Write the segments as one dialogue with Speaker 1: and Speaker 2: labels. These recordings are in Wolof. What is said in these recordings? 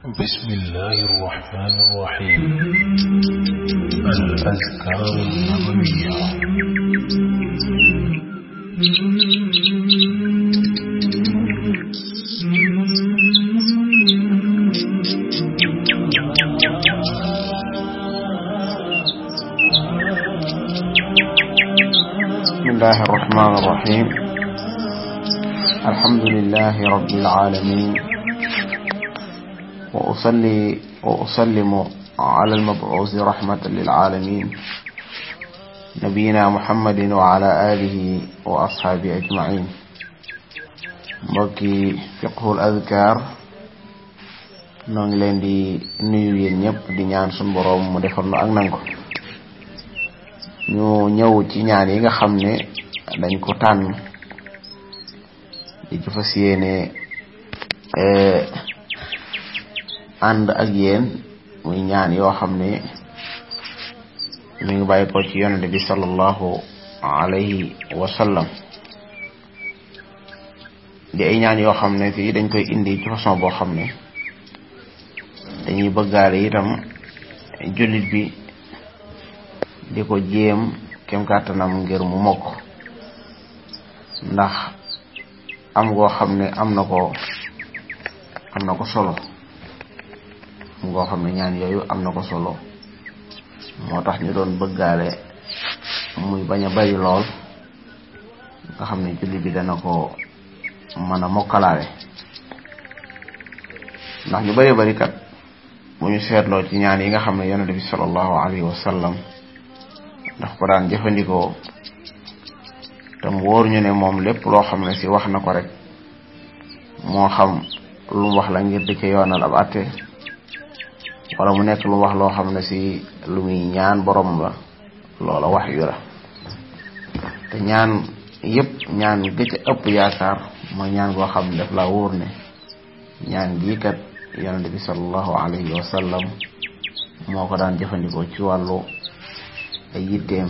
Speaker 1: بسم الله الرحمن الرحيم الأذكار النبوية بسم الله الرحمن الرحيم الحمد لله رب العالمين وأصلي وأسلم على المبعوث رحمة للعالمين نبينا محمد وعلى آله وأصحابه أجمعين mbokki fiqhul azkar noo ngi leen di nuyu yéen ñëpp di ñaan suñu boroom mu defoon nu ak nangu ñu ñëw ci ñaan yi nga xam ne dañ ko tànn di ci fas eh, ànd ak yéen muy ñaan yoo xam ne mi ngi bàyyi ko ci yonente bi sallallahu alayhi wa sallam di ay ñaan yoo xam ne fii dañ koy indi ci façon boo xam ne dañuy bëggaale itam jullit bi di ko jéem kem kàttanam ngir mu mokk ndax am goo xam ne am na ko am na ko solo ngoo xam ne ñaan yooyu am na ko solo moo tax ñu doon bëggaale muy bañ a bari lool nga xam ne julli bi dana ko mën a mokkalaale ndax ñu bare bari kat bu ñu seetloo ci ñaan yi nga xam ne yonente bi sallallahu alayhi wa sallam ndax ko daan jëfandikoo tam wóor ñu ne moom lépp loo xam ne si wax na ko rek moo xam lu mu wax la ngir di ca yoonal ab àtte wala mu nekk lu wax loo xam ne si lu muy ñaan borom la loola wax yu la te ñaan yëpp ñaan ga ëpp yaakaar mooy ñaan goo xam ne la laa wóor ne ñaan gii kat yonent bi sallallahu alayhi wa moo ko daan jëfandikoo ci wàllu ay yitteem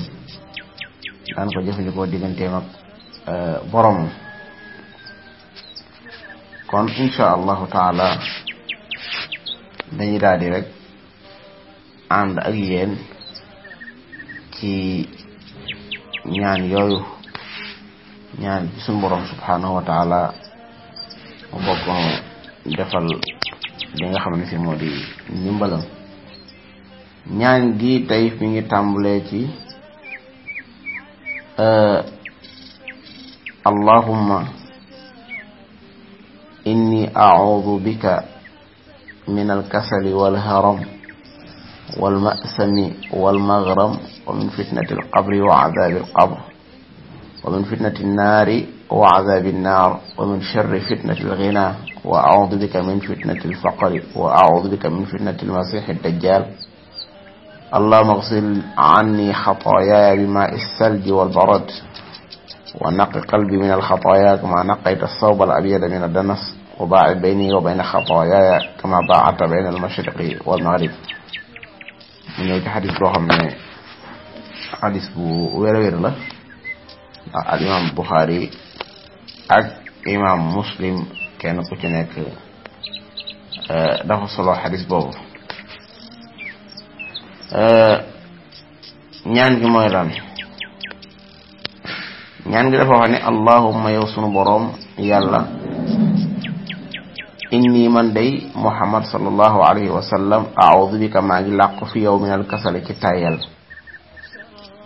Speaker 1: daan ko jëfandikoo digganteem ak euh, borom kon insha allahu taala dañuy daal rek ànd ak yéen ci ñaan yooyu ñaan bi suñu borom subhanahu wa taala defal li xam ne si moo di ñaan gi tey mi ngi tàmbalee ci euh, allahumma inni a'udhu bika min al wal haram walmasami walmaghram wa min fitnati alqabri wa adabi alqabr wa min fitnati annaari wa adabi annaar wa min sharri fitnati alghina wa a'udhu bika min fitnati alfaqri wa a'udhu bika min fitnati almasih addajjal allahumma ighsil anni khataaya bimaa'i as-salji walbarad wa naqqi qalbi min alkhataaya kama naqqayta ath-thawba al-abyada min ad-danas wa baa'i bayni wa bayna khataaya kama baa'adta bayna al-mashriqi wal maghrib mu ñëw ci xadis boo xam ne xadis bu wér la ndax al imam Buxaari ak imam Muslim kenn ku ci nekk eh, dafa solo xadis boobu eh, ñaan gi mooy lan ñaan gi dafa wax ne allahumma yow sunu boroom yàlla inni man day muhammad sallallahu alayhi wa sallam a'udhu bika maa ngi làqu fi yow minal kasale ci tayel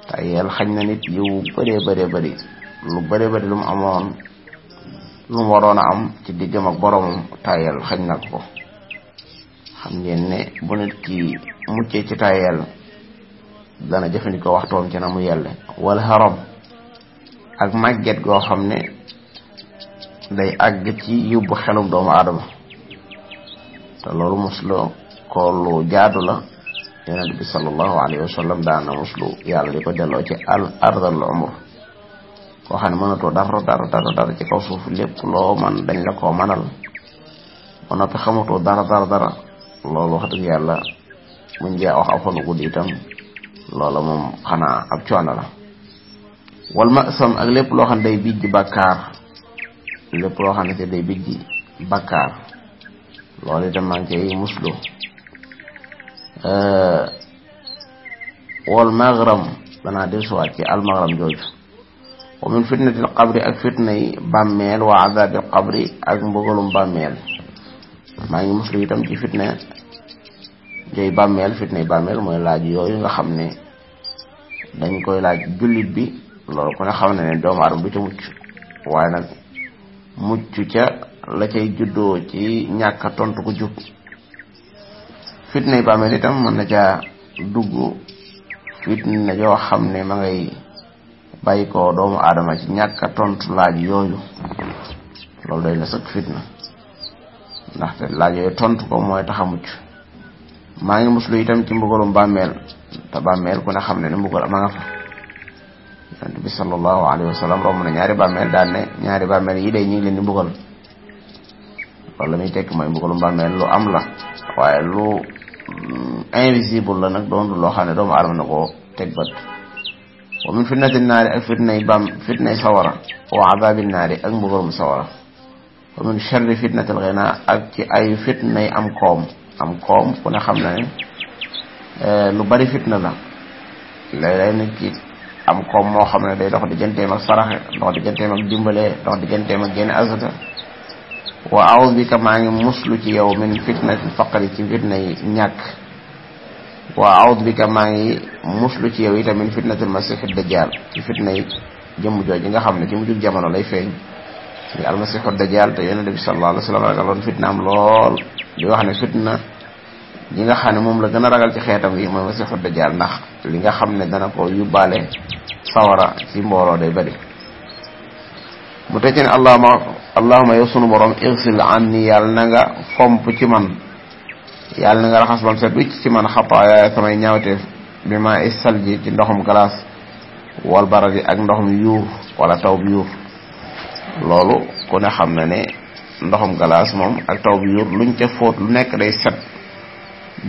Speaker 1: tayel xañ na nit yiw bëree bëree bëri lu bëree bëri lu mu amoon lu mu waroon a am ci diggam ak boromam tayel xañ na ko xam ngeen ne bu nit ki muccee ci tayel dana jëfandikoo waxtoom ci na mu yelle wala haram ak màgget goo xam ne day àgg ci yóbbu xelum doomu aadama te loolu muslu ko lu jaadu la yonent bi sallallahu alayhi wa sallam daan na muslu yàlla di ko delloo ci al ardal umur koo xam ne mënatoo dara dara dara ci kaw suuf lépp loo man dañ la koo manal ba noppi xamatoo dara dara dara loolu wax dëgg yàlla muñ jee wax aw xanu guddi itam loola moom xanaa ab ci la wal ma sam ak lépp loo xam ne day bijj bàkkaar lépp loo xam ne day bijj bàkkaar loolu itam maa ngi e cay muslu eh, wal maghram danaa dellusiwaat ci al maghram jooju wa min fitnatil qabri ak fitna yi bàmmeel wa azabil qabri ak mbugalum bàmmeel maa ngi muslu itam ci fitna joy bàmmeel fitna yi bàmmeel mooy laaj yooyu nga xam ne dañ koy laaj jullit bi loolu ku ne xam ne ne doomu aadama mucc waaye nag mucc la cay juddoo ci ñàkk a tontu ku jóg fitna yi bàmmeel itam mën na caa dugg fitna yoo xam ne ma ngay bàyyi ko doomu aadama ci tontu laaj yooyu loolu fitna ndaxte laaj yooyu tontu ko mooy tax a mucc maa ngi muslu itam ci mbugalum bàmmeel te bàmmeel ku ne xam ne ne mbugal ma nga fa yonent bi sallallahu alayhi wa sallam romb na ñaari bàmmeel daan ne ñaari bàmmeel yi day ñu ngi leen di mbugal loolu la muy tekk mooy mbugalum bàmmeel lu am la waaye lu mm, invisible la nag doon loo xam ne doomu aadama na koo teg bët wa min fitnati naari ak fitnay bam fitnay sawara wa adabi naari ak mbugalum sawara wa min sharri fitnatil ghina ak ci ay fitnay am koom am koom ku ne xam na ne eh, lu bari fitna la léeg-léeg nit am koom moo xam ne day dox digganteem ak saraxe dox digganteem ak dimbale dox digganteem ak génne azaka wa a'udhu bika maa ngi muslu ci yow min fitnatil faqri ci fitna yi ñàkk wa a'udhu bika maa ngi muslu ci yow itam min fitnatil masixid dajjal ci fitna yi jëmm jooju nga xam ne ci mujjug jamono lay feeñ ci almasixud dajjal te yonent bi sallallahu alayhi wa sallam ragaloon fitnaam lool di wax ne fitna yi nga xam ne moom la gën a ragal ci xeetam yi mooy masixud dajjal ndax li nga xam ne dana ko yóbbaale sawara ci mbooloo day bari mu tëj ne allahumma allahuma yow sunu borom igsil anni yàlla na nga fomp ci man yàlla na nga raxas bam set wicc ci man xataaya samay ñaawteef bi ma isal ji ci ndoxum glace wal baradi ak ndoxum yuur wala taw bi yuur loolu ku ne xam na ne ndoxum glace moom ak taw bi yuur luñ ca foot lu nekk day set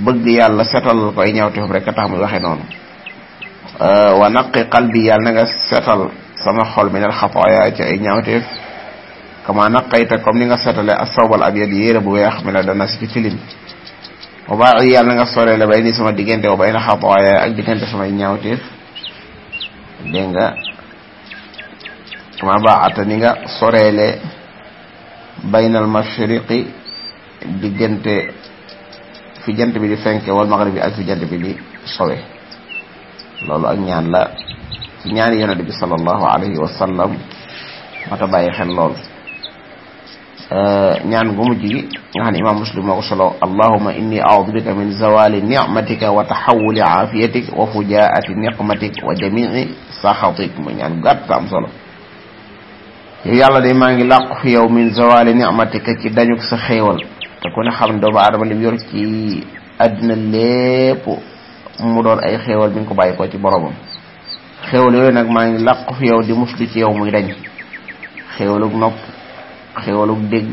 Speaker 1: bëgg yàlla setal ko ay rek a tax muy waxe noonu wa naqi qalbi yàlla na nga setal sama xol mi nel xataaya ci ay ñaawteef kama naqayta comme ni nga setale asawbal abyad yére bu weex mi la dana si ci tilim wa baax yàlla nga soree la bay ni sama diggante wa bay na xataaya ak diggante samay ñaawteef dégg nga kama baaxata ni nga soreele baynal mashriqi diggante fi jant bi di fenke wal maghribi ak fi jant bi di sowe loolu ak ñaan la ci ñaani yonent bi sallallahu alayhi wa mata bàyyi xel lool Euh, ñaan gu mujj gi nga xam ne imaam muslim moo ko solo allahuma inni a'uudu bika min zawali nicmatika wa taxawuli aafiyatik wa fujaati niqmatik wa jamii saxatik mu ñaan gàtt am solo yow yàlla de maa ngi làqu fi yow min zawali nicmatika ci dañuk sa xéewal te ku ne xam ne doomu aadama lim yor ci àddina lépp mu doon ay xéewal bi nga ko bàyyi ko ci boromam xéewal yooyu nag maa ngi làqu fi yow di muslu ci yow muy dañ xéewalug nopp xéwalug dégg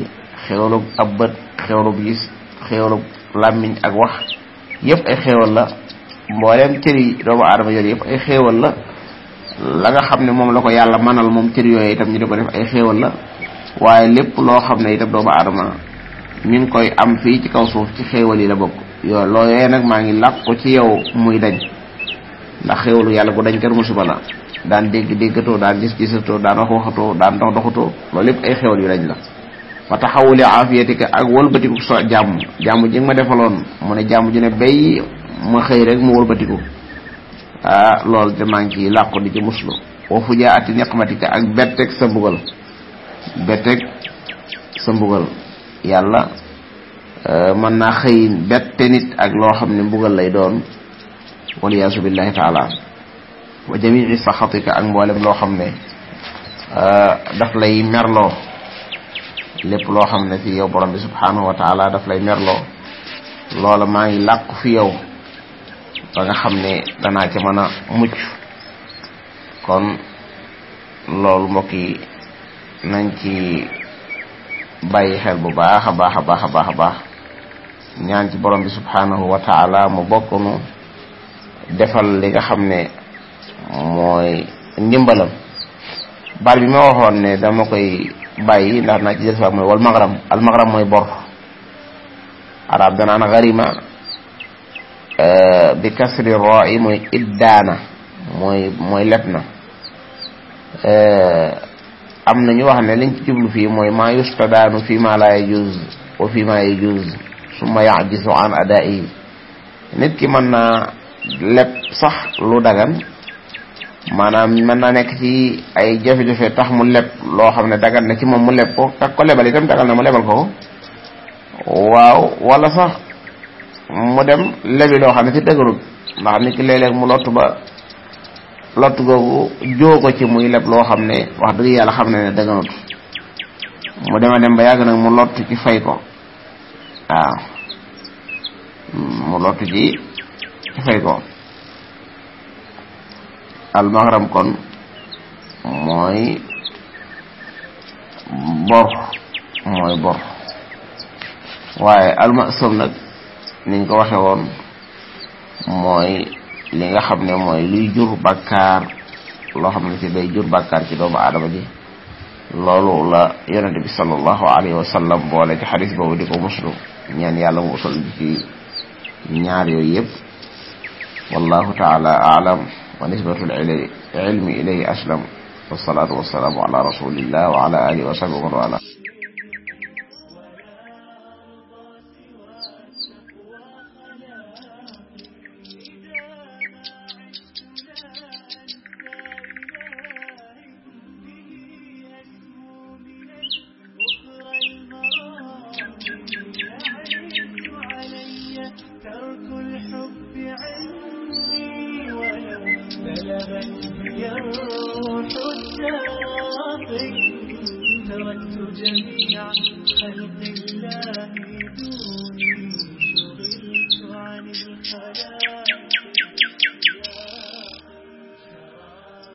Speaker 1: xéwalug ab bët xéwalug gis xéwalug ak wax yëpp ay xéwal la mbooleem cëri doomu aadama yooyu yëpp ay xéwal la la nga xam ne moom la ko yàlla manal moom cëri yooyu tam ñu di ko def ay xéwal la waaye lépp loo xam ne itam doomu aadama mi koy am fii ci kaw suuf ci xéwal yi la bokk yoo loo yooyu nag maa ngi làkk ko ci yow muy dañ ndax xewalu yàlla gu dañ kër musiba la daan dégg déggatoo daan gis gisatoo daan wax waxatoo daan dox doxatoo loolu lépp ay xéwal yu dañ la fa taxawuli aafiyatika ak walbatiku so jàmm jàmm ji nga ma defaloon mu ne jàmm ju ne bay ma xëy rek mu walbatiku ah loolu de ci ngi ciy làqu di ci muslu wa fujaati niqmatika ak betteeg sa mbugal betteeg sa mbugal yàlla eh, mën naa xëy bette nit ak loo xam ne mbugal lay doon waliyaasu billahi taala wa jamii saxatika ak mboolem loo xam ne euh, daf lay merloo lépp loo xam ne ci yow borom bi subhanahu wa taala daf lay merloo loola maa ngi làkku fi yow ba nga xam ne danaa ca a mucc kon loolu mbokk yi nañ ci bàyyi xel bu baax a baax a baax a baax a baax ñaan ci borom bi subhanahu wa mu bokkunu defal li nga xam ne mooy ndimbalam baat bi ma waxoon ne dama koy bàyyi ndax naa ci des waag mooy wal magram al magram mooy bor arab danaan garima bi kasri ro yi mooy iddaana mooy mooy let na am na ñu wax ne liñ ci jublu fii mooy ma yustadaanu fii ma la yajuz wa fii ma yajuz summa yajisu an adaa'i nit ki mën lépp sax lu dagan maanaam mën naa nekk ci ay jafe-jafe tax mu leb loo xam ne dagan na ci moom mu leb ko kak ko lebal itam dagal na mu waaw walla sax mu dem lebi loo xam ne ci dëgërut ndax nit ki léeg-léeg mu lottu ba lottu googu joo ko ci muy leb loo xam ne wax dëgg yàlla xam ne ne daganut mu dema dem ba yàgg nag mu lottu ci fay ko waaw mu lottu ci ci fay ko almaxram kon mooy bor mooy bor waaye almasum nag niñ ko waxe woon mooy li nga xam ne mooy luy jur bàkkaar loo xam ne ci day jur bàkkaar ci doomu aadama ji loolu la yonente bi sallallahu alayhi wa sallam boole ci xadis boobu di ko muslu ñaan yàlla mu usul ci ñaar yooyu yëpp wallahu taala alam wa nisbatul ilmi ilayhi aslam wasalaatu wasalaamu ala rasulillah wa ala alihi wa sahbihi wa man wala 人呀。